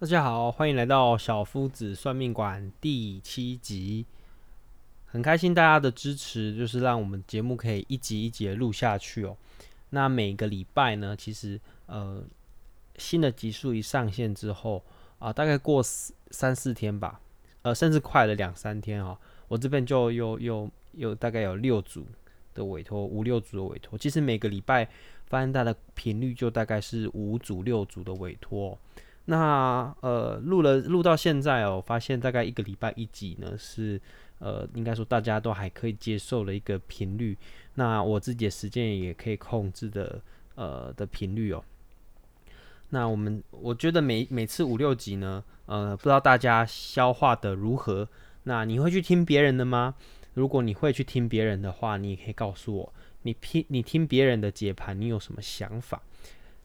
大家好，歡迎來到小夫子算命館第七集。很開心大家的支持，就是讓我們節目可以一集一集的錄下去哦。那每個禮拜呢，其實呃新的集數一上線之後啊，呃，大概過四三四天吧，呃，甚至快了兩三天哦。我這邊就又又又大概有六組的委托，五六組的委托。其實每個禮拜發現大家的頻率就大概是五組六組的委托哦。那呃，錄了錄到現在哦，發現大概一個禮拜一集呢，是呃，應該說大家都還可以接受的一個頻率。那我自己的時間也可以控制的呃的頻率哦。那我們我覺得每每次五六集呢，呃，不知道大家消化的如何。那你會去聽別人的嗎？如果你會去聽別人的話，你也可以告訴我，你聽你聽別人的解盤，你有什麼想法？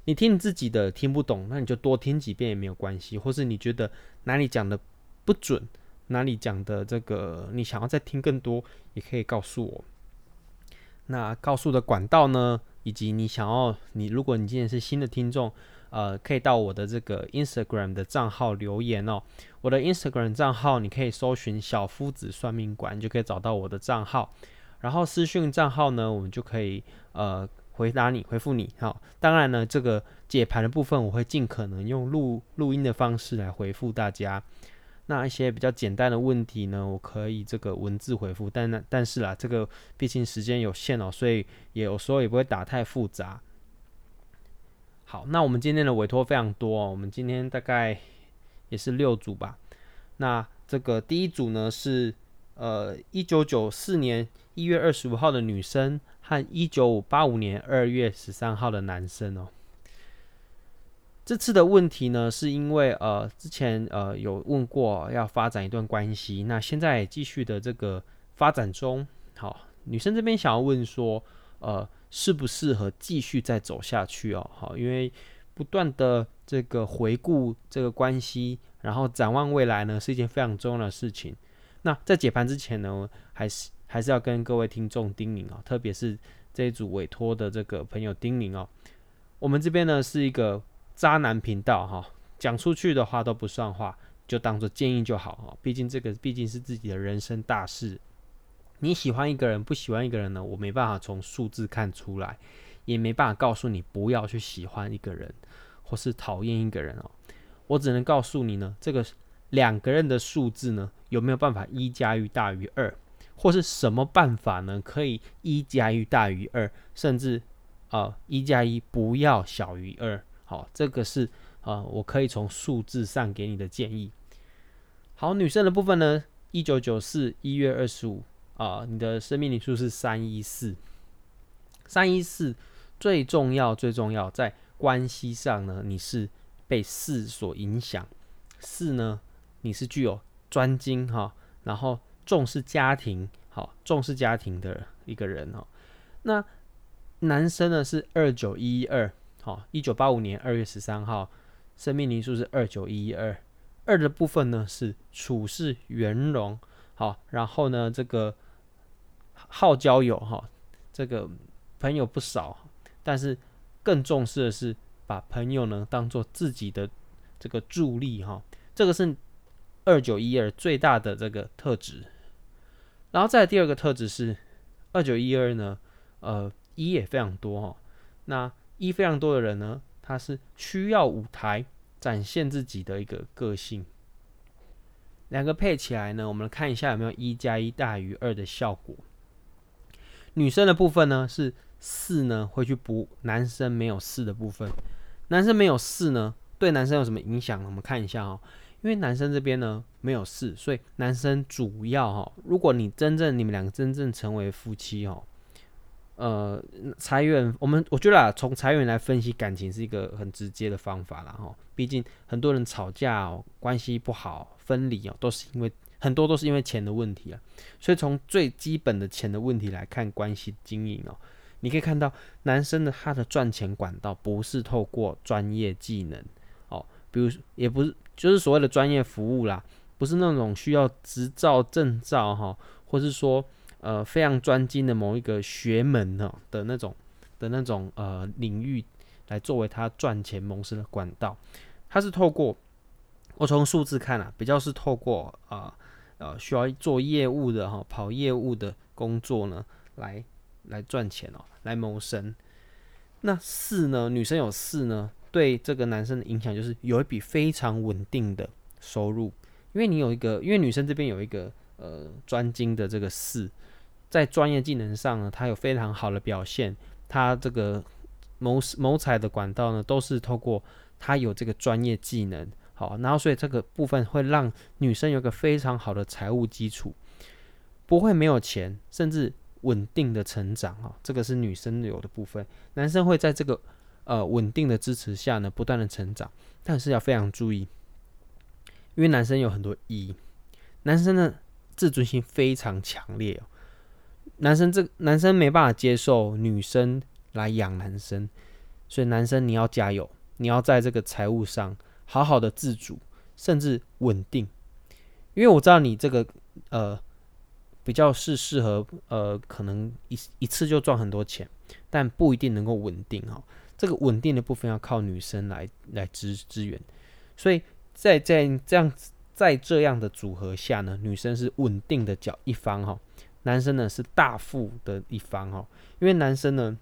你聽你自己的聽不懂，那你就多聽幾遍也沒有關係。或是你覺得哪裡講的不準，哪裡講的這個你想要再聽更多，也可以告訴我。那告訴的管道呢？以及你想要你，如果你今天是新的聽眾，呃，可以到我的這個 Instagram 的賬號留言哦。我的 Instagram 賬號你可以搜尋“小夫子算命館”，你就可以找到我的賬號。然後私訊賬號呢，我們就可以呃。回答你，回復你好。當然呢，這個解盤的部分，我會盡可能用錄錄音的方式來回復大家。那一些比較簡單的問題呢，我可以這個文字回復。但那但是啦，這個畢竟時間有限哦，所以也有時候也不會打太複雜。好，那我們今天的委託非常多哦，我們今天大概也是六組吧。那這個第一組呢，是呃一九九四年一月二十五號的女生，一九八五年二月十三號的男生哦，這次的問題呢，是因為呃，之前呃有問過要發展一段關係，那現在繼續的這個發展中，好，女生這邊想要問說，呃，適不適合繼續再走下去哦？好，因為不斷的這個回顧這個關係，然後展望未來呢，是一件非常重要的事情。那在解盤之前呢，還是。還是要跟各位聽眾叮嚀哦，特別是這一組委託的這個朋友叮嚀哦。我們這邊呢是一個渣男頻道哈，講出去的話都不算話，就當做建議就好哈。畢竟這個畢竟是自己的人生大事。你喜歡一個人，不喜歡一個人呢，我沒辦法從數字看出來，也沒辦法告訴你不要去喜歡一個人或是討厭一個人哦。我只能告訴你呢，這個兩個人的數字呢，有沒有辦法一加一大於二？或是什麼辦法呢？可以一加一大於二，甚至啊一加一不要小於二。好，這個是啊，我可以從數字上給你的建議。好，女生的部分呢，一九九四一月二十五啊，你的生命靈數是三一四，三一四最重要最重要，在關係上呢，你是被四所影響，四呢，你是具有專精哈、啊，然後。重視家庭，好重視家庭的一個人哦。那男生呢是二九一一二，好，一九八五年二月十三號，生命靈數是二九一一二，二的部分呢是處事圓融，好，然後呢這個好交友哈、哦，這個朋友不少，但是更重視的是把朋友呢當做自己的這個助力哈、哦，這個是二九一二最大的這個特質。然後再第二個特質是二九一二呢，呃，一也非常多哈、哦。那一非常多的人呢，他是需要舞台展現自己的一個個性。兩個配起來呢，我們來看一下有沒有一加一大於二的效果。女生的部分呢，是四呢會去補男生沒有四的部分，男生沒有四呢，對男生有什麼影響？我們看一下哦。因為男生這邊呢，沒有事，所以男生主要哈、哦，如果你真正你們兩個真正成為夫妻哦，呃，財源我們我覺得啊，從財源來分析感情是一個很直接的方法啦、哦。哈。畢竟很多人吵架哦，關係不好、分離哦，都是因為很多都是因為錢的問題啊。所以從最基本的錢的問題來看關係經營哦，你可以看到男生的他的賺錢管道不是透過專業技能哦，比如也不是。就是所謂的專業服務啦，不是那種需要執照證照哈，或是說呃非常專精的某一個學門呢的那種的那種呃領域來作為他賺錢謀生的管道，他是透過我從數字看啊，比較是透過啊呃，呃需要做業務的哈，跑業務的工作呢來來賺錢哦，來謀生。那四呢？女生有四呢？對這個男生的影響就是有一筆非常穩定的收入，因為你有一個，因為女生這邊有一個呃專精的這個事，在專業技能上呢，她有非常好的表現，她這個謀謀財的管道呢，都是透過她有這個專業技能，好，然後所以這個部分會讓女生有一個非常好的財務基礎，不會沒有錢，甚至穩定的成長啊、哦，這個是女生有的部分，男生會在這個。呃，穩定的支持下呢，不斷的成長，但是要非常注意，因為男生有很多意義，男生的自尊心非常強烈哦，男生這男生沒辦法接受女生來養男生，所以男生你要加油，你要在這個財務上好好的自主，甚至穩定。因為我知道你這個呃，比較是適合呃，可能一一次就賺很多錢，但不一定能夠穩定哦。這個穩定的部分要靠女生來來支支援，所以在在這樣在這樣的組合下呢，女生是穩定的角一方哈、哦，男生呢是大富的一方哈、哦，因為男生呢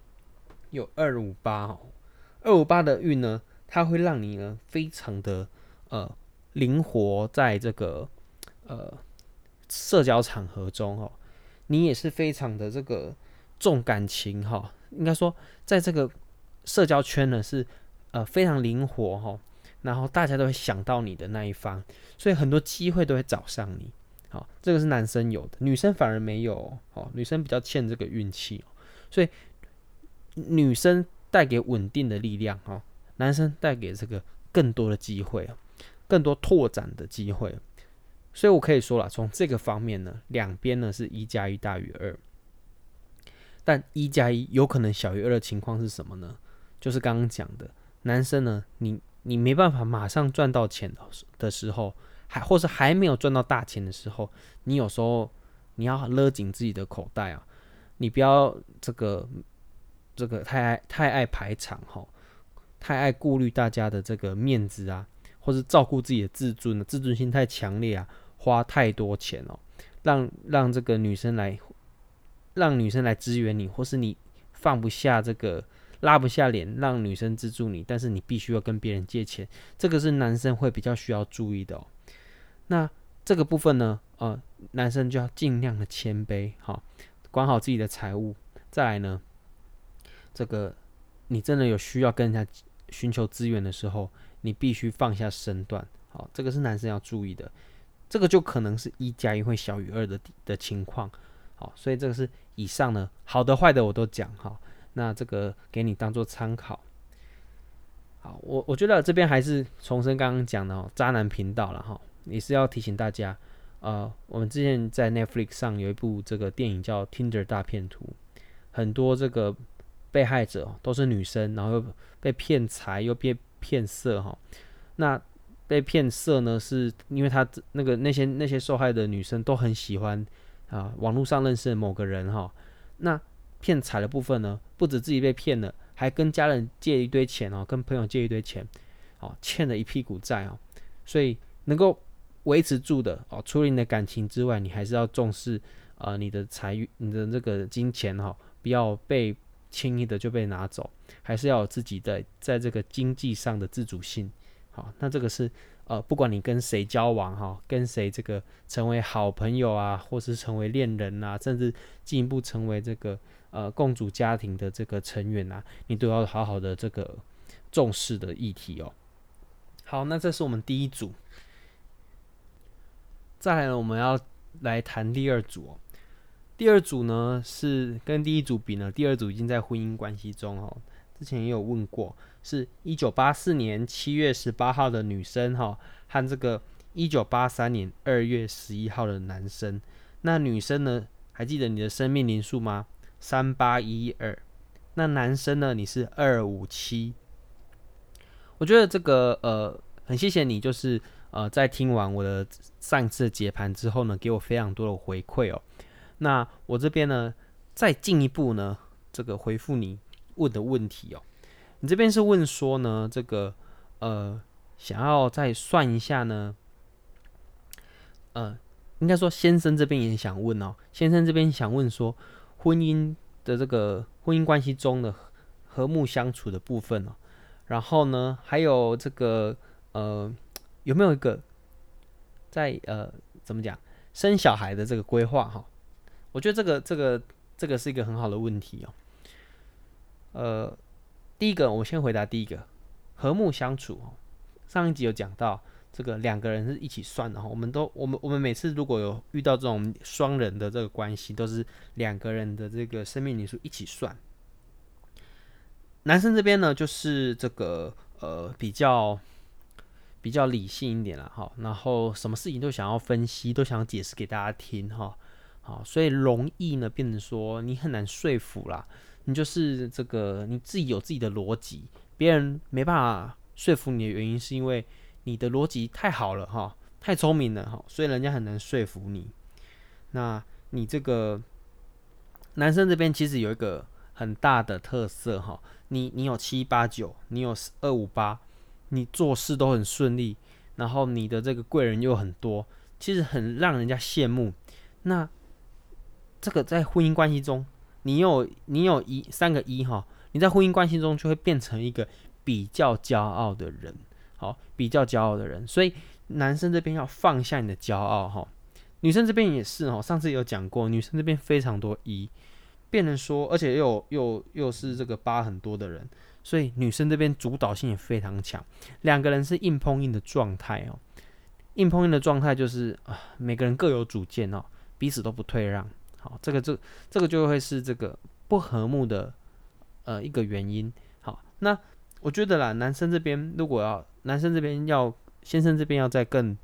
有二五八哈，二五八的運呢，它會讓你呢非常的呃靈活，在這個呃社交場合中哦，你也是非常的這個重感情哈、哦，應該說在這個。社交圈呢是呃非常靈活哈、哦，然後大家都會想到你的那一方，所以很多機會都會找上你。好、哦，這個是男生有的，女生反而沒有。哦，女生比較欠這個運氣，所以女生帶給穩定的力量，哈、哦，男生帶給這個更多的機會，更多拓展的機會。所以我可以說了，從這個方面呢，兩邊呢是一加一大於二，但一加一有可能小於二的情況是什麼呢？就是剛剛講的，男生呢，你你沒辦法馬上賺到錢的時候，還或是還沒有賺到大錢的時候，你有時候你要勒緊自己的口袋啊，你不要這個這個太太愛排場哦，太愛顧慮大家的這個面子啊，或是照顧自己的自尊，自尊心太強烈啊，花太多錢哦，讓讓這個女生來，讓女生來支援你，或是你放不下這個。拉不下臉，讓女生資助你，但是你必須要跟別人借錢，這個是男生會比較需要注意的哦。那這個部分呢，呃，男生就要盡量的謙卑，好，哦，管好自己的財務。再來呢，這個你真的有需要跟人家尋求資源的時候，你必須放下身段，好，哦，這個是男生要注意的。這個就可能是一加一會小於二的的情況，好，哦，所以這個是以上呢，好的壞的我都講，好。哦那這個給你當做參考，好，我我覺得這邊還是重申剛剛講的哦、喔，渣男頻道了哈、喔，也是要提醒大家，呃，我們之前在 Netflix 上有一部這個電影叫《Tinder 大騙徒》，很多這個被害者、喔、都是女生，然後又被騙財又被騙色哈、喔。那被騙色呢，是因為他那個那些那些受害的女生都很喜歡啊，網絡上認識的某個人哈、喔，那。騙財的部分呢，不止自己被騙了，還跟家人借一堆錢哦，跟朋友借一堆錢，哦，欠了一屁股債哦，所以能夠維持住的哦，除了你的感情之外，你還是要重視啊、呃，你的財運，你的這個金錢哈、哦，不要被輕易的就被拿走，還是要有自己的在這個經濟上的自主性。好、哦，那這個是呃，不管你跟誰交往哈、哦，跟誰這個成為好朋友啊，或是成為戀人啊，甚至進一步成為這個。呃，共組家庭的這個成員啊，你都要好好的這個重視的議題哦。好，那這是我們第一組。再來，呢，我們要來談第二組哦。第二組呢，是跟第一組比呢，第二組已經在婚姻關係中哦。之前也有問過，是一九八四年七月十八號的女生哈、哦，和這個一九八三年二月十一號的男生。那女生呢，還記得你的生命靈數嗎？三八一二，那男生呢？你是二五七。我覺得這個呃，很謝謝你，就是呃，在聽完我的上次的解盤之後呢，給我非常多的回饋哦。那我這邊呢，再進一步呢，這個回復你問的問題哦。你這邊是問說呢，這個呃，想要再算一下呢？呃，應該說先生這邊也想問哦，先生這邊想問說。婚姻的這個婚姻關係中的和睦相處的部分哦，然後呢，還有這個呃，有沒有一個在呃怎麼講生小孩的這個規劃哈？我覺得這個這個這個是一個很好的問題哦。呃，第一個我先回答第一個和睦相處哦，上一集有講到。這個兩個人是一起算的，哈，我們都我們我們每次如果有遇到這種雙人的這個關係，都是兩個人的這個生命靈數一起算。男生這邊呢，就是這個呃比較比較理性一點了，哈，然後什麼事情都想要分析，都想解釋給大家聽，哈、哦，好，所以容易呢變成說你很難說服啦，你就是這個你自己有自己的邏輯，別人沒辦法說服你的原因是因為。你的邏輯太好了哈，太聰明了哈，所以人家很難說服你。那你這個男生這邊其實有一個很大的特色哈，你你有七八九，你有二五八，你做事都很順利，然後你的這個貴人又很多，其實很讓人家羨慕。那這個在婚姻關係中，你有你有一三個一哈，你在婚姻關係中就會變成一個比較驕傲的人。好，比較驕傲的人，所以男生這邊要放下你的驕傲哈、哦。女生這邊也是哦，上次有講過，女生這邊非常多疑，變成說，而且又又又是這個八很多的人，所以女生這邊主導性也非常強，兩個人是硬碰硬的狀態哦。硬碰硬的狀態就是啊，每個人各有主見哦，彼此都不退讓。好，這個這這個就會是這個不和睦的呃一個原因。好，那我覺得啦，男生這邊如果要男生這邊要先生這邊要再更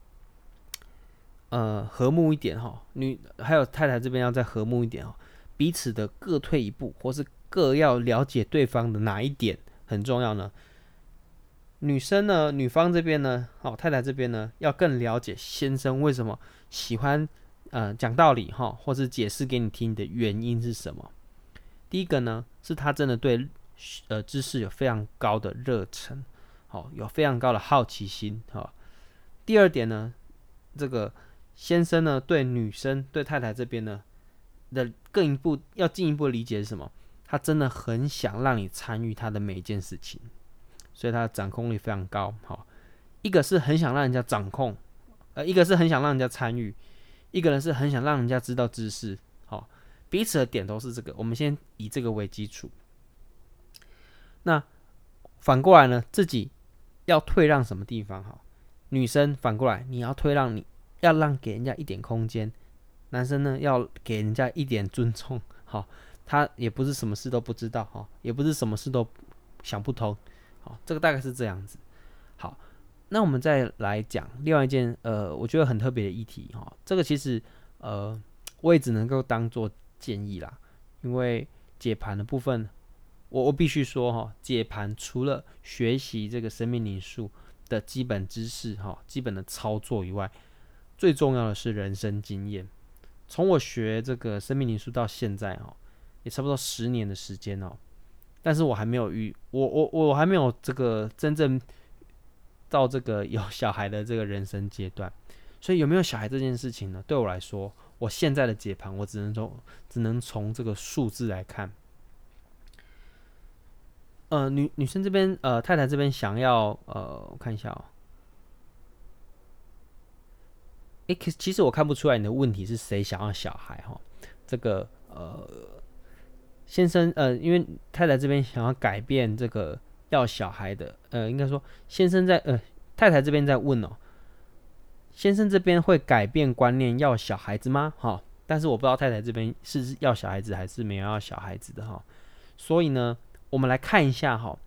呃和睦一點哈，女還有太太這邊要再和睦一點哦，彼此的各退一步，或是各要了解對方的哪一點很重要呢？女生呢，女方這邊呢，哦，太太這邊呢，要更了解先生為什麼喜歡呃講道理哈，或是解釋給你聽的原因是什麼？第一個呢，是他真的對呃知識有非常高的熱忱。好、哦，有非常高的好奇心。好、哦，第二點呢，這個先生呢，對女生、對太太這邊呢的更一步要進一步理解是什麼？他真的很想讓你參與他的每一件事情，所以他的掌控力非常高。好、哦，一個是很想讓人家掌控，呃，一個是很想讓人家參與，一個人是很想讓人家知道知識、哦。彼此的點都是這個。我們先以這個為基礎。那反過來呢，自己。要退讓什麼地方？哈，女生反過來，你要退讓，你要讓給人家一點空間。男生呢，要給人家一點尊重。哈，他也不是什麼事都不知道，哈，也不是什麼事都想不通。好，這個大概是這樣子。好，那我們再來講另外一件，呃，我覺得很特別的議題。哈，這個其實，呃，我也只能夠當做建議啦，因為解盤的部分。我我必須說哈，解盤除了學習這個生命靈數的基本知識哈，基本的操作以外，最重要的是人生經驗。從我學這個生命靈數到現在哈，也差不多十年的時間哦，但是我還沒有遇我我我還沒有這個真正到這個有小孩的這個人生階段，所以有沒有小孩這件事情呢？對我來說，我現在的解盤我只能從只能從這個數字來看。呃，女女生這邊，呃，太太這邊想要，呃，我看一下哦。誒，其實，其實我看不出來你的問題是誰想要小孩哈。這個，呃，先生，呃，因為太太這邊想要改變這個要小孩的，呃，應該說先生在，呃，太太這邊在問哦。先生這邊會改變觀念要小孩子嗎？哈，但是我不知道太太這邊是要小孩子還是沒有要小孩子的哈。所以呢？我們來看一下哈，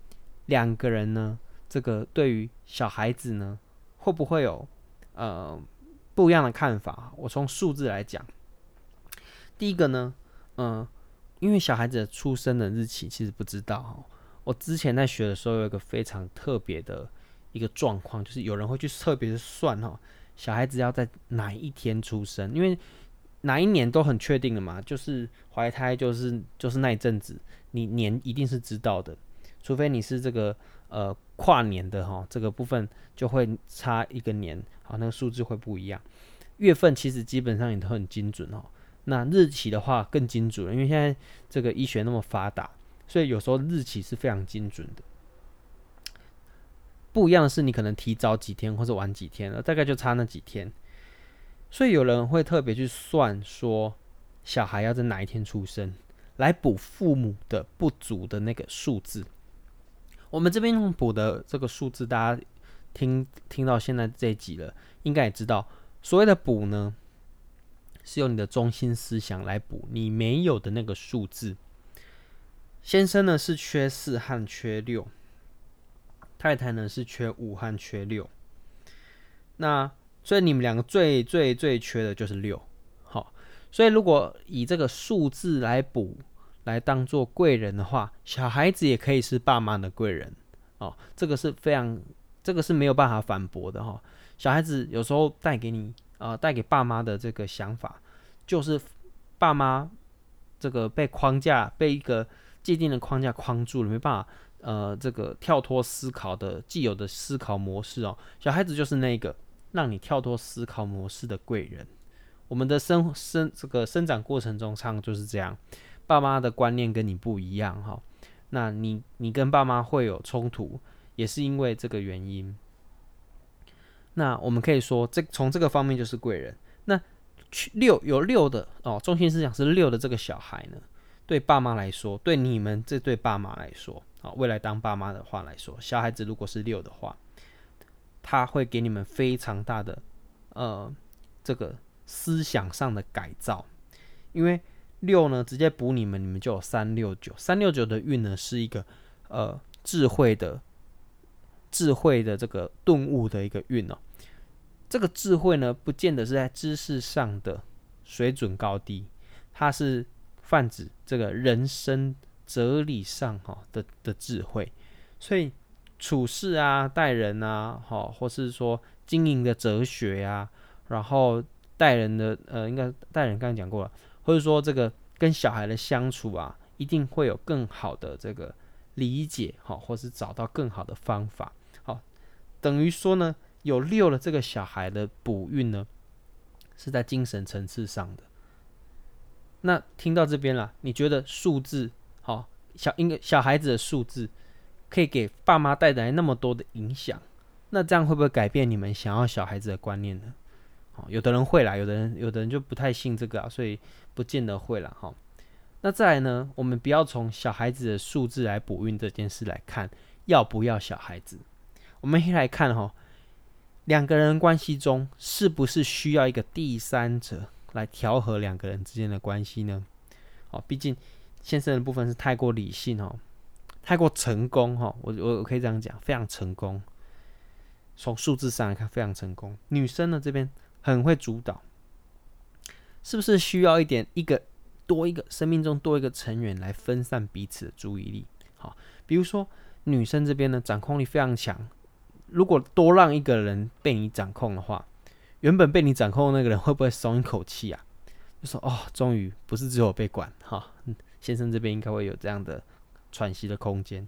兩個人呢，這個對於小孩子呢，會不會有呃不一樣的看法？我從數字來講，第一個呢，嗯、呃，因為小孩子出生的日期其實不知道哈。我之前在學的時候，有一個非常特別的一個狀況，就是有人會去特別的算哈，小孩子要在哪一天出生，因為。哪一年都很確定的嘛，就是懷胎就是就是那一陣子，你年一定是知道的，除非你是這個呃跨年的哈，這個部分就會差一個年，好那個數字會不一樣。月份其實基本上你都很精準哦，那日期的話更精準，因為現在這個醫學那麼發達，所以有時候日期是非常精準的。不一樣的是你可能提早幾天或者晚幾天，大概就差那幾天。所以有人會特別去算，說小孩要在哪一天出生來補父母的不足的那個數字。我們這邊用補的這個數字，大家聽聽到現在這一集了，應該也知道，所謂的補呢，是用你的中心思想來補你沒有的那個數字。先生呢是缺四和缺六，太太呢是缺五和缺六，那。所以你們兩個最最最缺的就是六，好，所以如果以這個數字來補，來當做貴人的話，小孩子也可以是爸媽的貴人哦，這個是非常，這個是沒有辦法反駁的哈、哦。小孩子有時候帶給你啊、呃，帶給爸媽的這個想法，就是爸媽這個被框架，被一個既定的框架框住了，沒辦法呃這個跳脫思考的既有的思考模式哦，小孩子就是那個。讓你跳脫思考模式的貴人，我們的生生這個生長過程中，常就是這樣。爸媽的觀念跟你不一樣哈、哦，那你你跟爸媽會有衝突，也是因為這個原因。那我們可以說，這從這個方面就是貴人。那去六有六的哦，中心思想是六的這個小孩呢，對爸媽來說，對你們這對爸媽來說啊、哦，未來當爸媽的話來說，小孩子如果是六的話。他會給你們非常大的，呃，這個思想上的改造，因為六呢直接補你們，你們就有三六九，三六九的運呢是一個呃智慧的智慧的這個頓悟的一個運哦，這個智慧呢不見得是在知識上的水準高低，它是泛指這個人生哲理上哈、哦、的的智慧，所以。處事啊，待人啊，好、哦，或是說經營的哲學啊，然後待人的，呃，應該待人剛剛講過了，或者說這個跟小孩的相處啊，一定會有更好的這個理解，好、哦，或是找到更好的方法，好、哦，等於說呢，有六了，這個小孩的補運呢，是在精神層次上的。那聽到這邊啦，你覺得數字好、哦、小，應該小孩子的數字？可以給爸媽帶來那麼多的影響，那這樣會不會改變你們想要小孩子的觀念呢？哦，有的人會啦，有的人有的人就不太信這個啊，所以不見得會啦。哈，哦。那再來呢，我們不要從小孩子的數字來補運這件事來看要不要小孩子，我們先來看哈，哦，兩個人關係中是不是需要一個第三者來調和兩個人之間的關係呢？哦，畢竟先生的部分是太過理性哦。太過成功哈，我我我可以這樣講，非常成功。從數字上來看，非常成功。女生呢，這邊很會主導，是不是需要一點一個多一個生命中多一個成員來分散彼此的注意力？好，比如說女生這邊呢，掌控力非常強，如果多讓一個人被你掌控的話，原本被你掌控的那個人會不會鬆一口氣啊？就說哦，終於不是只有被管哈，哦。先生這邊應該會有這樣的。喘息的空間。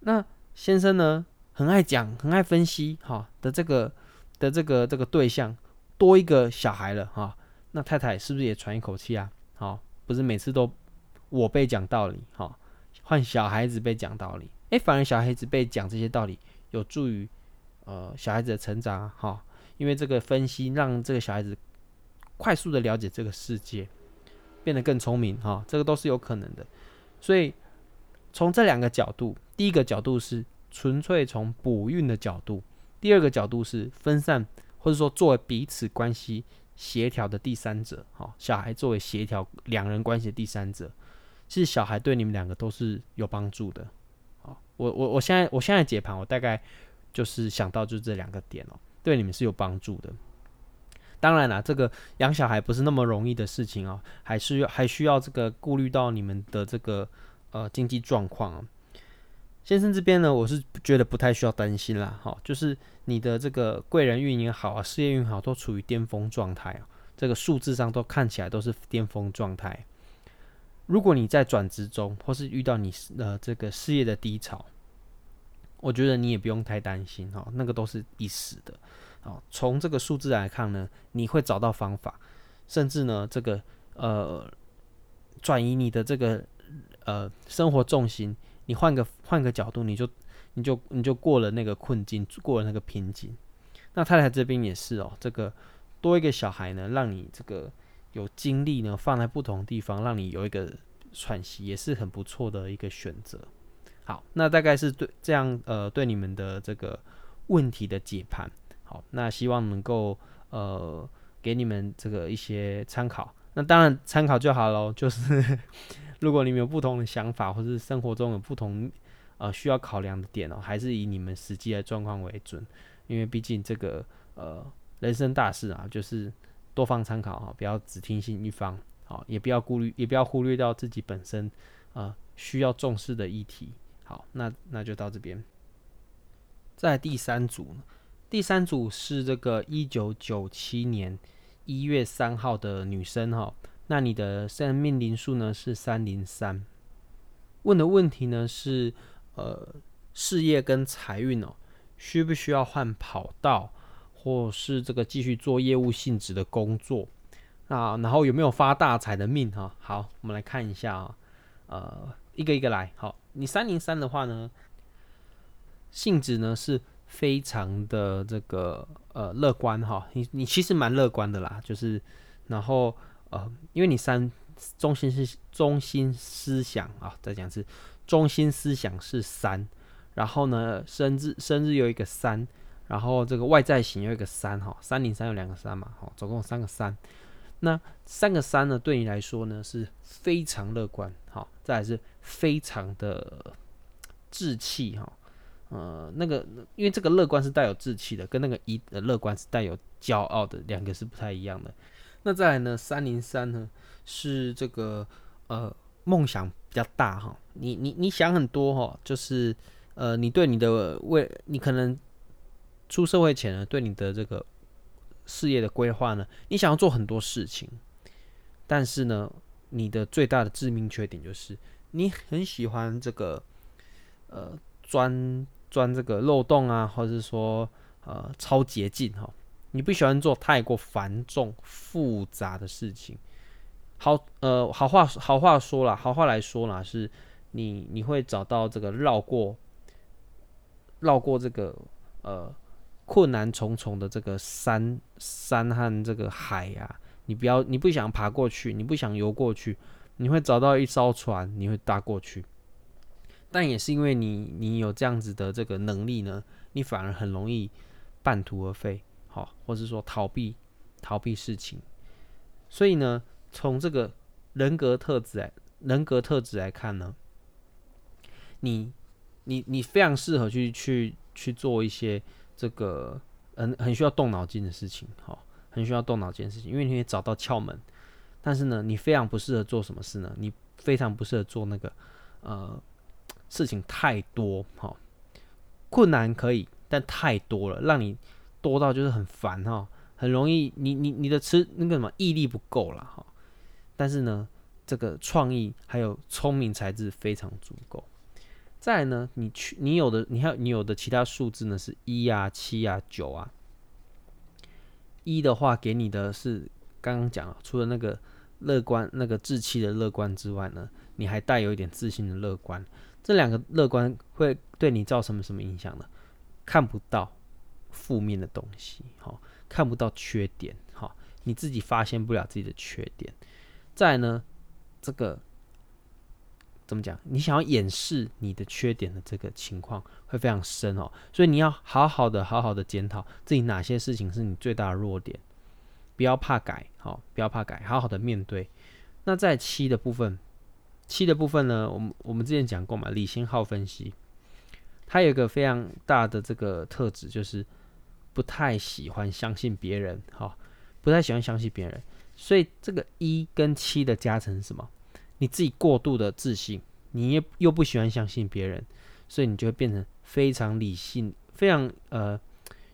那先生呢，很愛講，很愛分析，哈、哦、的這個的這個這個對象多一個小孩了，哈、哦。那太太是不是也喘一口氣啊？好、哦，不是每次都我被講道理，哈、哦，換小孩子被講道理。誒、欸，反而小孩子被講這些道理，有助於呃小孩子的成長，哈、哦。因為這個分析讓這個小孩子快速的了解這個世界，變得更聰明，哈、哦，這個都是有可能的。所以。從這兩個角度，第一個角度是純粹從補運的角度，第二個角度是分散或者說作為彼此關係協調的第三者。哈，哦，小孩作為協調兩人關係的第三者，其實小孩對你們兩個都是有幫助的。哦，我我我現在我現在解盤，我大概就是想到就這兩個點哦，對你們是有幫助的。當然了，啊，這個養小孩不是那麼容易的事情哦，還是還需要這個顧慮到你們的這個。呃，經濟狀況啊，先生這邊呢，我是覺得不太需要擔心啦。哦，就是你的這個貴人運也好啊，事業運好，都處於巔峰狀態啊。這個數字上都看起來都是巔峰狀態。如果你在轉職中，或是遇到你呃這個事業的低潮，我覺得你也不用太擔心哈，哦，那個都是一時的。哦，從這個數字來看呢，你會找到方法，甚至呢，這個呃轉移你的這個。呃，生活重心，你換個換個角度，你就你就你就過了那個困境，過了那個瓶頸。那太太這邊也是哦，這個多一個小孩呢，讓你這個有精力呢，放在不同地方，讓你有一個喘息，也是很不錯的一個選擇。好，那大概是對這樣呃對你們的這個問題的解盤。好，那希望能夠呃給你們這個一些參考，那當然參考就好嘍，就是如果你們有不同的想法，或是生活中有不同呃需要考量的點哦、喔，還是以你們實際的狀況為準，因為畢竟這個呃人生大事啊，就是多方參考哈、喔，不要只聽信一方，好、喔、也不要顧慮，也不要忽略掉自己本身呃需要重視的議題。好，那那就到這邊。再第三組，第三組是這個一九九七年，一月三號的女生哈、哦，那你的生命靈數呢是三零三？問的問題呢是，呃，事業跟財運哦，需不需要換跑道，或是這個繼續做業務性質的工作？啊，然後有沒有發大財的命哈、啊？好，我們來看一下啊、哦，呃，一個一個來。好，你三零三的話呢，性質呢是非常的這個。呃，樂觀哈、哦，你你其實蠻樂觀的啦，就是，然後呃，因為你三中心是中心思想啊、哦，再講一次，中心思想是三，然後呢，生日生日有一個三，然後這個外在型有一個三哈，三零三有兩個三嘛，好、哦，總共有三個三，那三個三呢，對你來說呢是非常樂觀，好、哦，再來是非常的志氣哈。哦呃，那個，因為這個樂觀是帶有志氣的，跟那個一、呃、樂觀是帶有驕傲的，兩個是不太一樣的。那再來呢，三零三呢是這個呃夢想比較大哈，你你你想很多哈，就是呃你對你的未，你可能出社會前呢對你的這個事業的規劃呢，你想要做很多事情，但是呢，你的最大的致命缺點就是你很喜歡這個呃專。鑽這個漏洞啊，或者是說，呃，超捷徑哈。你不喜歡做太過繁重複雜的事情。好，呃，好話好話說啦，好話來說啦，是你你會找到這個繞過繞過這個呃困難重重的這個山山和這個海呀啊。你不要，你不想爬過去，你不想游過去，你會找到一艘船，你會搭過去。但也是因為你，你有這樣子的這個能力呢，你反而很容易半途而廢，好、哦，或者說逃避逃避事情。所以呢，從這個人格特質人格特質來看呢，你你你非常適合去去去做一些這個很很需要動腦筋的事情，好、哦，很需要動腦筋的事情，因為你可以找到竅門。但是呢，你非常不適合做什麼事呢？你非常不適合做那個呃。事情太多，哈、哦，困難可以，但太多了，讓你多到就是很煩，哈、哦，很容易你，你你你的吃那個什麼毅力不夠了，哈、哦。但是呢，這個創意還有聰明才智非常足夠。再來呢，你去你有的，你還你有的其他數字呢，是一啊、七啊、九啊。一的話，給你的是剛剛講了，除了那個樂觀、那個志氣的樂觀之外呢，你還帶有一點自信的樂觀。這兩個樂觀會對你造成什麼影響呢？看不到負面的東西，好、哦，看不到缺點，好、哦，你自己發現不了自己的缺點。再來呢，這個怎麼講？你想要掩飾你的缺點的這個情況會非常深哦，所以你要好好的、好好的檢討自己哪些事情是你最大的弱點，不要怕改，好、哦，不要怕改，好好的面對。那在七的部分。七的部分呢，我們我們之前講過嘛，理性好分析，它有一個非常大的這個特質，就是不太喜歡相信別人，哈、哦，不太喜歡相信別人，所以這個一跟七的加成是什麼？你自己過度的自信，你也又，又不喜歡相信別人，所以你就會變成非常理性，非常呃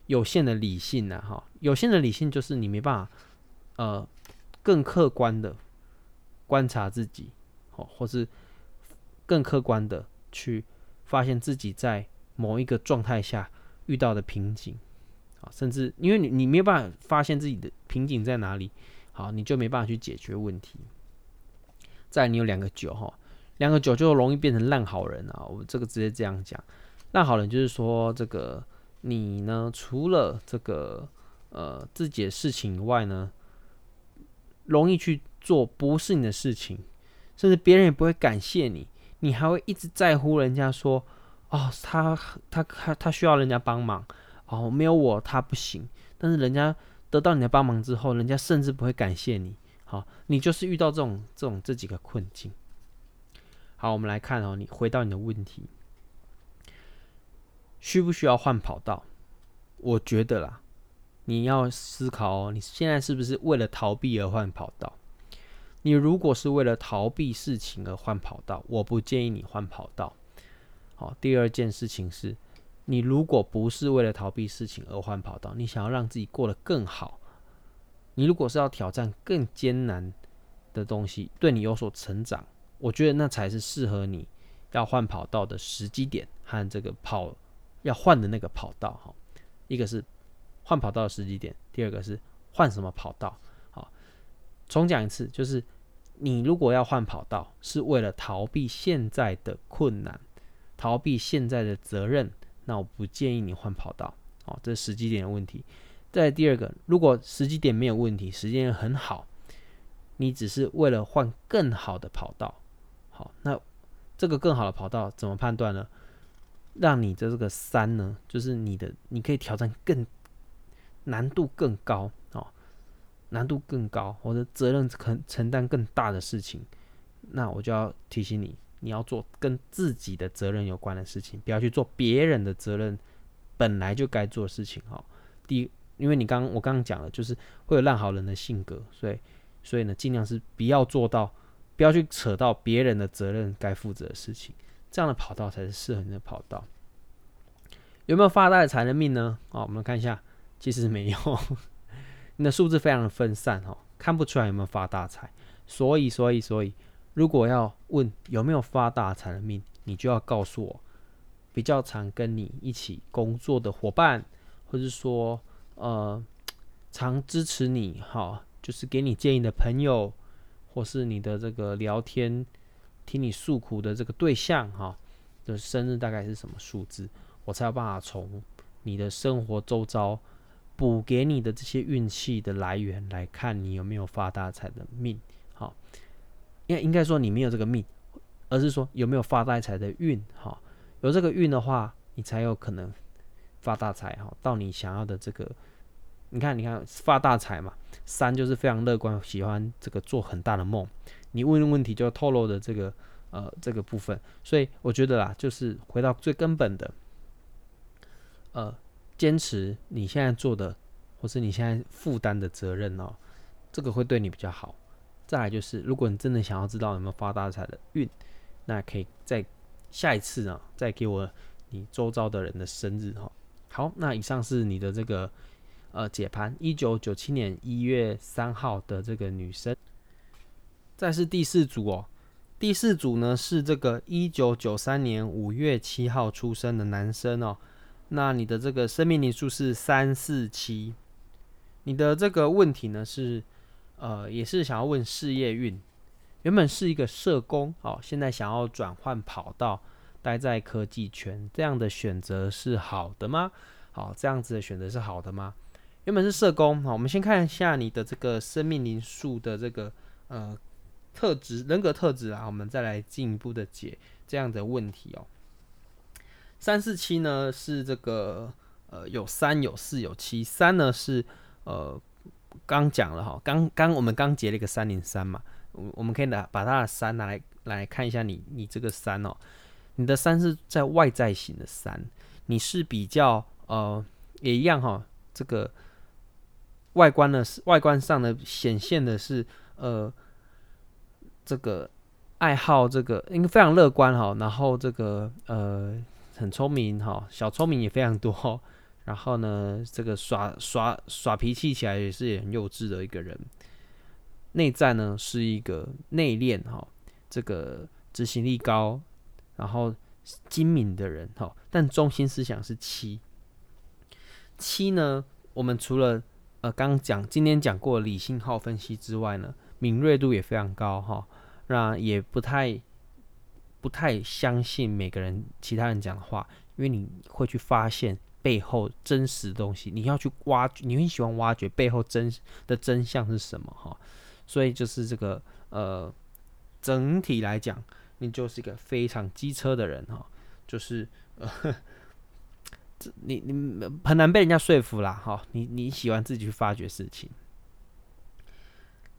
有限的理性呢、啊，哈、哦，有限的理性就是你沒辦法呃更客觀的觀察自己。哦，或是更客觀的去發現自己在某一個狀態下遇到的瓶頸，啊，甚至因為你你沒有辦法發現自己的瓶頸在哪裡，好，你就沒辦法去解決問題。再來你有兩個九哈，兩個九就容易變成爛好人啊！我這個直接這樣講，爛好人就是說，這個你呢，除了這個呃自己的事情以外呢，容易去做不是你的事情。甚至別人也不會感謝你，你還會一直在乎人家說，哦，他他他他需要人家幫忙，哦，沒有我他不行。但是人家得到你的幫忙之後，人家甚至不會感謝你。好，哦，你就是遇到這種這種這幾個困境。好，我們來看哦，你回到你的問題，需不需要換跑道？我覺得啦，你要思考哦，你現在是不是為了逃避而換跑道？你如果是為了逃避事情而換跑道，我不建議你換跑道。好，第二件事情是，你如果不是為了逃避事情而換跑道，你想要讓自己過得更好，你如果是要挑戰更艱難的東西，對你有所成長，我覺得那才是適合你要換跑道的時機點和這個跑要換的那個跑道。哈，一個是換跑道的時機點，第二個是換什麼跑道。好，重講一次就是。你如果要換跑道，是為了逃避現在的困難，逃避現在的責任，那我不建議你換跑道。哦，這是時機點的問題。再第二個，如果時機點沒有問題，時間很好，你只是為了換更好的跑道，好，那這個更好的跑道怎麼判斷呢？讓你的這,這個三呢，就是你的你可以挑戰更難度更高哦。難度更高，或者責任肯承擔更大的事情，那我就要提醒你，你要做跟自己的責任有關的事情，不要去做別人的責任本來就該做的事情。哈、哦，第一，因為你剛我剛剛講了，就是會有爛好人的性格，所以所以呢，盡量是不要做到，不要去扯到別人的責任該負責的事情，這樣的跑道才是適合你的跑道。有沒有發大財的、的命呢？啊、哦，我們看一下，其實沒有。 你的數字非常的分散哈，看不出來有沒有發大財。所以，所以，所以，如果要問有沒有發大財的命，你就要告訴我，比較常跟你一起工作的夥伴，或是說，呃，常支持你，哈，就是給你建議的朋友，或是你的這個聊天、聽你訴苦的這個對象哈，的、就是、生日大概是什麼數字，我才有辦法從你的生活周遭。補給你的這些運氣的來源來看，你有沒有發大財的命？好，應應該說你沒有這個命，而是說有沒有發大財的運？哈，有這個運的話，你才有可能發大財。哈，到你想要的這個，你看，你看發大財嘛，三就是非常樂觀，喜歡這個做很大的夢。你問的問題就透露的這個，呃，這個部分。所以我覺得啦，就是回到最根本的，呃。堅持你現在做的，或是你現在負擔的責任哦，這個會對你比較好。再來就是，如果你真的想要知道有沒有發大財的運，那可以再下一次呢、啊，再給我你周遭的人的生日哈、哦。好，那以上是你的這個呃解盤，一九九七年一月三號的這個女生。再是第四組哦，第四組呢是這個一九九三年五月七號出生的男生哦。那你的這個生命靈數是三四七，你的這個問題呢是，呃，也是想要問事業運，原本是一個社工哦，現在想要轉換跑道，待在科技圈，這樣的選擇是好的嗎？好，這樣子的選擇是好的嗎？原本是社工，好，我們先看一下你的這個生命靈數的這個呃特質、人格特質啊，我們再來進一步的解這樣的問題哦。三四七呢是這個呃，有三有四有七。三呢是呃，剛講了哈，剛剛我們剛結了一個三零三嘛，我們可以拿把它的三拿來拿來看一下你你這個三哦，你的三是在外在型的三，你是比較呃也一樣哈，這個外觀呢是外觀上呢，顯現的是呃這個愛好這個應該非常樂觀哈，然後這個呃。很聰明哈，小聰明也非常多。然後呢，這個耍耍耍脾氣起來也是也很幼稚的一個人。內在呢是一個內斂哈，這個執行力高，然後精明的人哈。但中心思想是七。七呢，我們除了呃剛講今天講過理性號分析之外呢，敏銳度也非常高哈。那也不太。不太相信每個人、其他人講的話，因為你會去發現背後真實的東西。你要去挖，你很喜歡挖掘背後真、的真相是什麼，哈。所以就是這個，呃，整體來講，你就是一個非常機車的人，哈，就是、呃、你你很難被人家說服啦，哈。你你喜歡自己去發掘事情。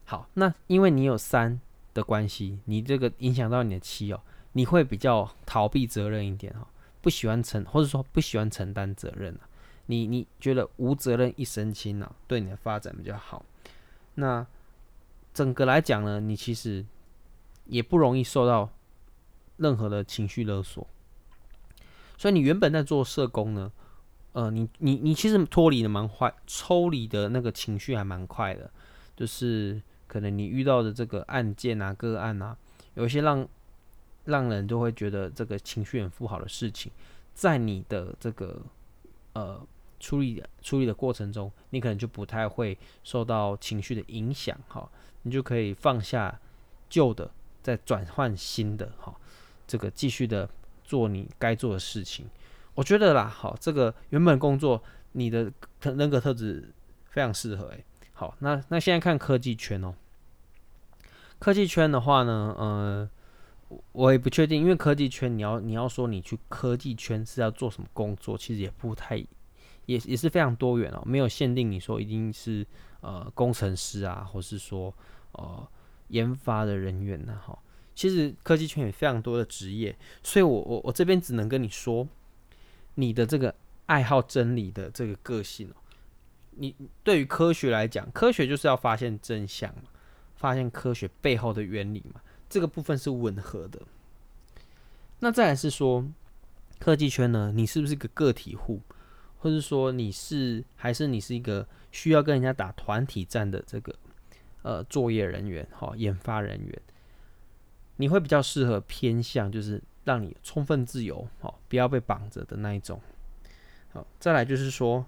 好，那因為你有三的關係，你這個影響到你的七哦、喔。你會比較逃避責任一點哈、哦，不喜歡承，或者說不喜歡承擔責任、啊、你你覺得無責任一身輕啊，對你的發展比較好。那整個來講呢，你其實也不容易受到任何的情緒勒索。所以你原本在做社工呢，呃，你你你其實脫離的蠻快，抽離的那個情緒還蠻快的。就是可能你遇到的這個案件啊、個案啊，有一些讓。讓人都會覺得這個情緒很不好的事情，在你的這個呃處理處理的過程中，你可能就不太會受到情緒的影響哈，你就可以放下舊的，再轉換新的哈，這個繼續的做你該做的事情。我覺得啦，好，這個原本工作你的人格特質非常適合、欸、好，那那現在看科技圈哦，科技圈的話呢，嗯、呃。我也不確定，因為科技圈，你要你要說你去科技圈是要做什麼工作，其實也不太，也也是非常多元哦，沒有限定你說一定是呃工程師啊，或是說呃研發的人員呢、啊、哈、哦。其實科技圈有非常多的職業，所以我我我這邊只能跟你說，你的這個愛好真理的這個個性哦，你對於科學來講，科學就是要發現真相，發現科學背後的原理嘛。這個部分是吻合的。那再來是說，科技圈呢，你是不是個個體戶，或者說你是還是你是一個需要跟人家打團體戰的這個呃作業人員哈、哦，研發人員，你會比較適合偏向就是讓你充分自由哈、哦，不要被綁着的那一種。好、哦，再來就是說，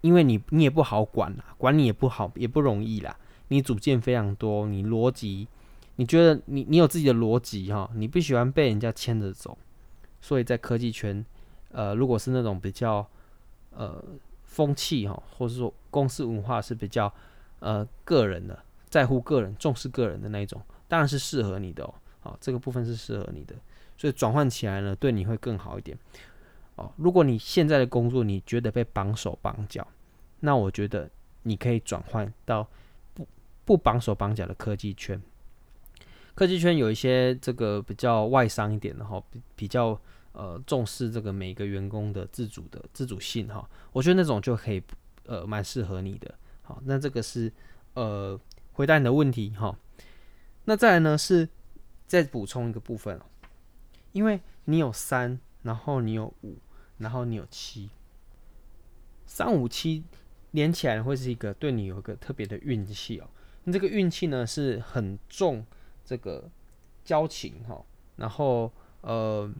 因為你你也不好管啦，管你也不好也不容易啦，你組件非常多，你邏輯。你覺得你你有自己的邏輯哈，你不喜歡被人家牽着走，所以在科技圈，呃，如果是那種比較呃風氣哈、哦，或是說公司文化是比較呃個人的，在乎個人重視個人的那一種，當然是適合你的哦。好，這個部分是適合你的，所以轉換起來呢，對你會更好一點哦。如果你現在的工作你覺得被綁手綁腳，那我覺得你可以轉換到不不綁手綁腳的科技圈。科技圈有一些這個比較外商一點的哈，比比較呃重視這個每個員工的自主的自主性哈，我覺得那種就可以呃蠻適合你的。好，那這個是呃回答你的問題哈。那再來呢，是再補充一個部分哦，因為你有三，然後你有五，然後你有七，三五七連起來會是一個，對你有一個特別的運氣哦。那這個運氣呢是很重。這個交情哈、哦，然後呃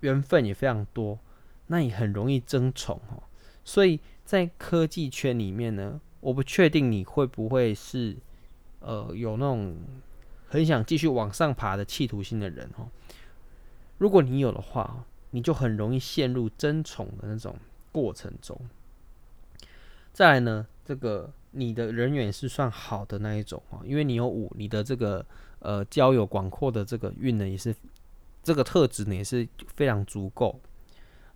緣分也非常多，那你很容易爭寵哈、哦。所以在科技圈裡面呢，我不確定你會不會是呃有那種很想繼續往上爬的企圖心的人哈、哦。如果你有的話，你就很容易陷入爭寵的那種過程中。再來呢，這個你的人緣是算好的那一種、哦，因為你有五，你的這個。呃，交友廣闊的這個運呢，也是這個特質呢，也是非常足夠。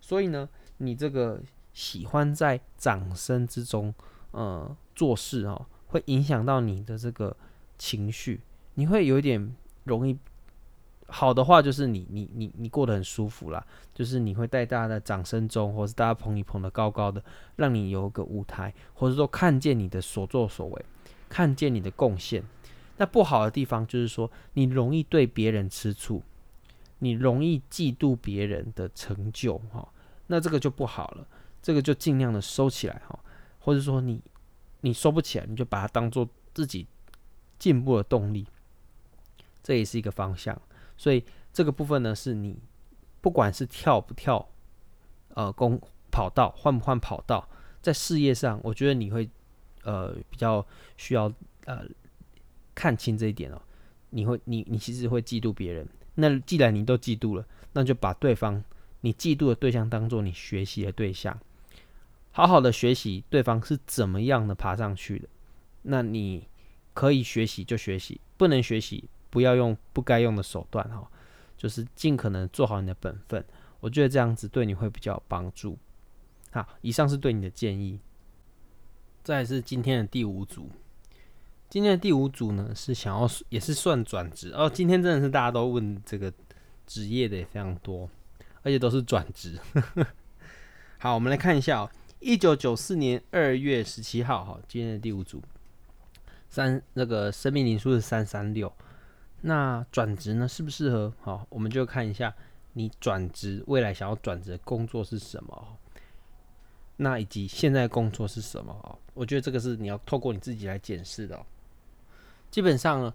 所以呢，你這個喜歡在掌聲之中，呃，做事哦，會影響到你的這個情緒，你會有一點容易。好的話就是你你你你過得很舒服啦，就是你會帶大家的掌聲中，或是大家捧你捧得高高的，讓你有個舞台，或者說看見你的所作所為，看見你的貢獻。那不好的地方就是說，你容易對別人吃醋，你容易嫉妒別人的成就，哈，那這個就不好了。這個就盡量的收起來，哈，或者說你你收不起來，你就把它當做自己進步的動力，這也是一個方向。所以這個部分呢，是你不管是跳不跳，呃，公跑道換不換跑道，在事業上，我覺得你會呃比較需要呃。看清這一點哦，你會你你其實會嫉妒別人。那既然你都嫉妒了，那就把對方你嫉妒的對象當做你學習的對象，好好的學習對方是怎麼樣的爬上去的。那你可以學習就學習，不能學習不要用不該用的手段哈、哦，就是盡可能做好你的本分。我覺得這樣子對你會比較有幫助。好，以上是對你的建議。再來是今天的第五組。今天的第五組呢，是想要也是算轉職哦。今天真的是大家都問這個職業的也非常多，而且都是轉職。 好，我們來看一下哦。一九九四年二月十七號，哈、哦，今天的第五組三那個生命靈數是三三六。那轉職呢適不適合？好、哦，我們就看一下你轉職未來想要轉職的工作是什麼，那以及現在的工作是什麼啊？我覺得這個是你要透過你自己來檢視的、哦。基本上，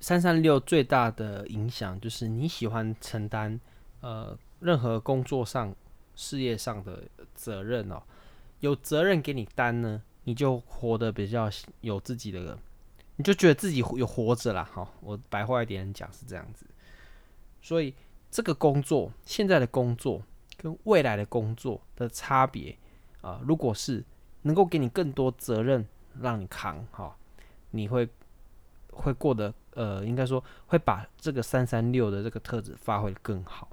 三三六最大的影響就是你喜歡承擔，呃，任何工作上、事業上的責任哦。有責任給你擔呢，你就活得比較有自己的，你就覺得自己活有活着啦。好、哦，我白話一點講是這樣子。所以這個工作，現在的工作跟未來的工作的差別啊、呃，如果是能夠給你更多責任讓你扛哈、哦，你會。會過得呃，應該說會把這個三三六的這個特質發揮得更好。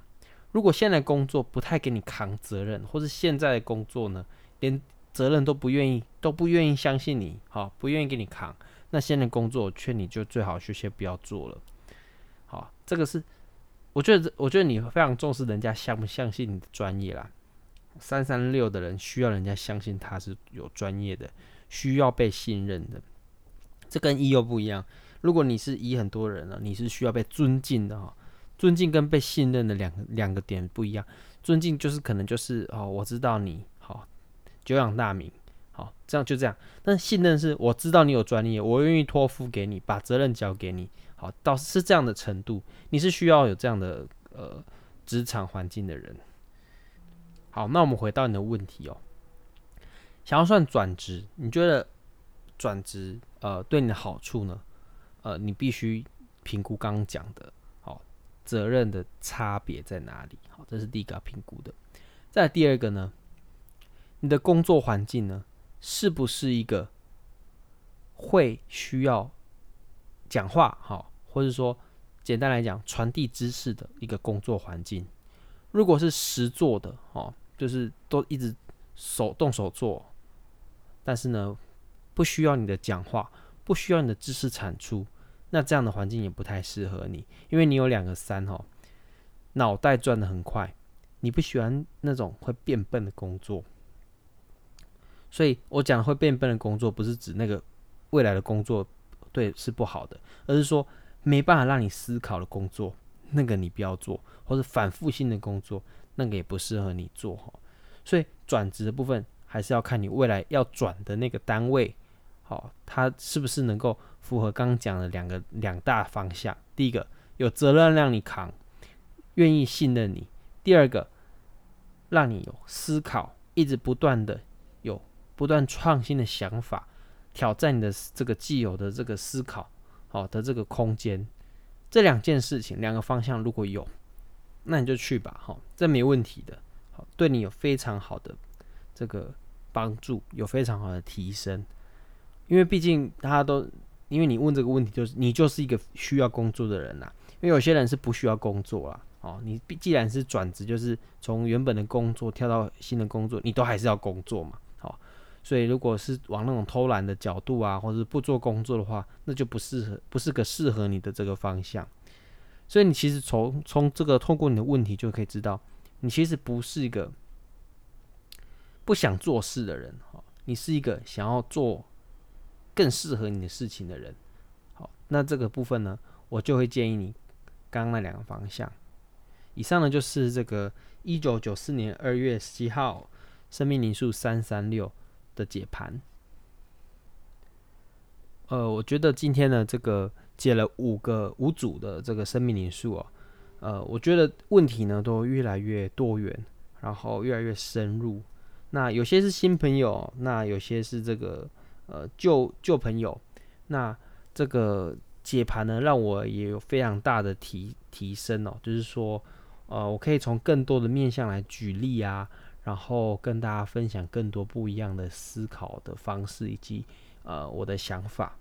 如果現在的工作不太給你扛責任，或是現在的工作呢，連責任都不願意，都不願意相信你，好、哦，不願意給你扛。那現在工作，勸你就最好就先不要做了。好、哦，這個是我覺得，我覺得你非常重視人家相不相信你的專業啦。三三六的人需要人家相信他是有專業的，需要被信任的。這跟一又不一樣。如果你是以很多人了，啊，你是需要被尊敬的啊，尊敬跟被信任的兩個兩個點不一樣。尊敬就是可能就是哦，我知道你好，久仰大名，好，這樣就這樣。但信任是我知道你有專業，我願意托付給你，把責任交給你，好，到是這樣的程度，你是需要有這樣的呃職場環境的人。好，那我們回到你的問題哦，想要算轉職，你覺得轉職呃對你的好處呢？呃，你必須評估剛剛講的，好，責任的差別在哪裡？好，這是第一個要評估的。再來第二個呢，你的工作環境呢，是不是一個會需要講話？好，或者說簡單來講，傳遞知識的一個工作環境。如果是實做的，哦，就是都一直手動手做，但是呢，不需要你的講話，不需要你的知識產出。那這樣的環境也不太適合你，因為你有兩個三哦，腦袋轉的很快，你不喜歡那種會變笨的工作。所以我講會變笨的工作，不是指那個未來的工作對是不好的，而是說沒辦法讓你思考的工作，那個你不要做，或者反復性的工作，那個也不適合你做。所以轉職的部分，還是要看你未來要轉的那個單位。好，它是不是能夠符合剛剛講的兩個兩大方向？第一個有責任讓你扛，願意信任你；第二個讓你有思考，一直不斷的有不斷創新的想法，挑戰你的這個既有的這個思考，好的這個空間。這兩件事情，兩個方向，如果有，那你就去吧。好，這沒問題的。好，對你有非常好的這個幫助，有非常好的提升。因為畢竟他都，因為你問這個問題，就是你就是一個需要工作的人啦、啊。因為有些人是不需要工作啦，哦，你既然是轉職，就是從原本的工作跳到新的工作，你都還是要工作嘛，所以如果是往那種偷懶的角度啊，或者不做工作的話，那就不適合，不是個適合你的這個方向。所以你其實從從這個透過你的問題就可以知道，你其實不是一個不想做事的人，你是一個想要做更適合你的事情的人，好，那這個部分呢，我就會建議你剛那兩個方向。以上呢就是這個一九九四年二月十七號生命靈數三三六的解盤。呃，我覺得今天呢，這個解了五個五組的這個生命靈數哦，呃，我覺得問題呢都越來越多元，然後越來越深入。那有些是新朋友，那有些是這個。呃，舊舊朋友，那這個解盤呢，讓我也有非常大的提提升哦。就是說，呃，我可以從更多的面向來舉例啊，然後跟大家分享更多不一樣的思考的方式，以及呃我的想法。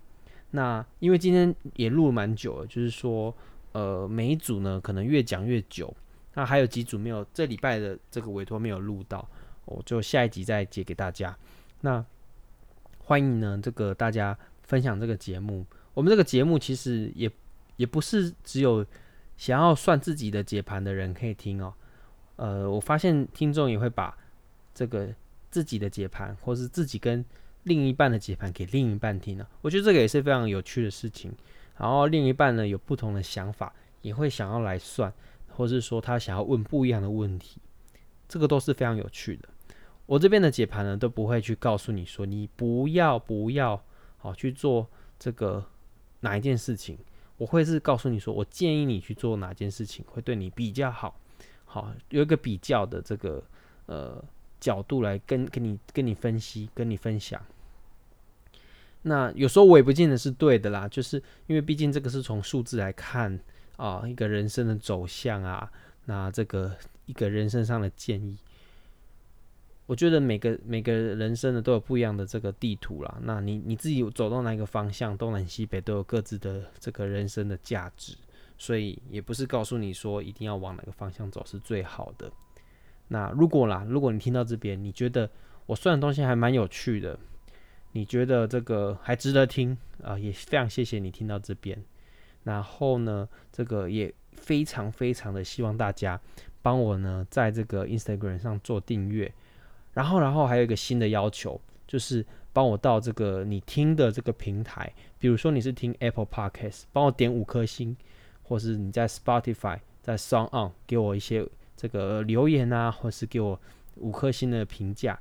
那因為今天也錄了蠻久了，就是說，呃，每一組呢可能越講越久，那還有幾組沒有，這禮拜的這個委託沒有錄到，我就下一集再解給大家。那。歡迎呢，這個大家分享這個節目。我們這個節目其實也也不是只有想要算自己的解盤的人可以聽哦。呃，我發現聽眾也會把這個自己的解盤，或是自己跟另一半的解盤給另一半聽呢啊。我覺得這個也是非常有趣的事情。然後另一半呢，有不同的想法，也會想要來算，或是說他想要問不一樣的問題，這個都是非常有趣的。我這邊的解盤呢，都不會去告訴你說你不要不要好去做這個哪一件事情，我會是告訴你說，我建議你去做哪件事情會對你比較好，好有一個比較的這個呃角度來跟跟你跟你分析跟你分享。那有時候我也不見得是對的啦，就是因為畢竟這個是從數字來看啊一個人生的走向啊，那這個一個人生上的建議。我覺得每個每個人生都有不一樣的這個地圖啦。那你你自己走到哪一個方向，東南西北都有各自的這個人生的價值，所以也不是告訴你說一定要往哪個方向走是最好的。那如果啦，如果你聽到這邊，你覺得我算的東西還蠻有趣的，你覺得這個還值得聽啊、呃，也非常謝謝你聽到這邊。然後呢，這個也非常非常的希望大家幫我呢在這個 Instagram 上做訂閱。然後，然後還有一個新的要求，就是幫我到這個你聽的這個平台，比如說你是聽 Apple Podcast，幫我點五顆星，或是你在 Spotify，在 SoundOn，給我一些這個留言啊，或是給我五顆星的評價，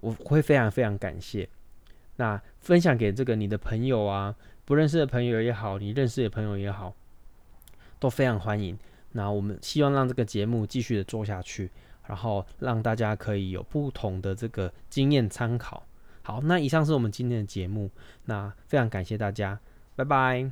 我會非常非常感謝。那分享給這個你的朋友啊，不認識的朋友也好，你認識的朋友也好，都非常歡迎。那我們希望讓這個節目繼續的做下去。然後讓大家可以有不同的這個經驗參考。好，那以上是我們今天的節目，那非常感謝大家，拜拜。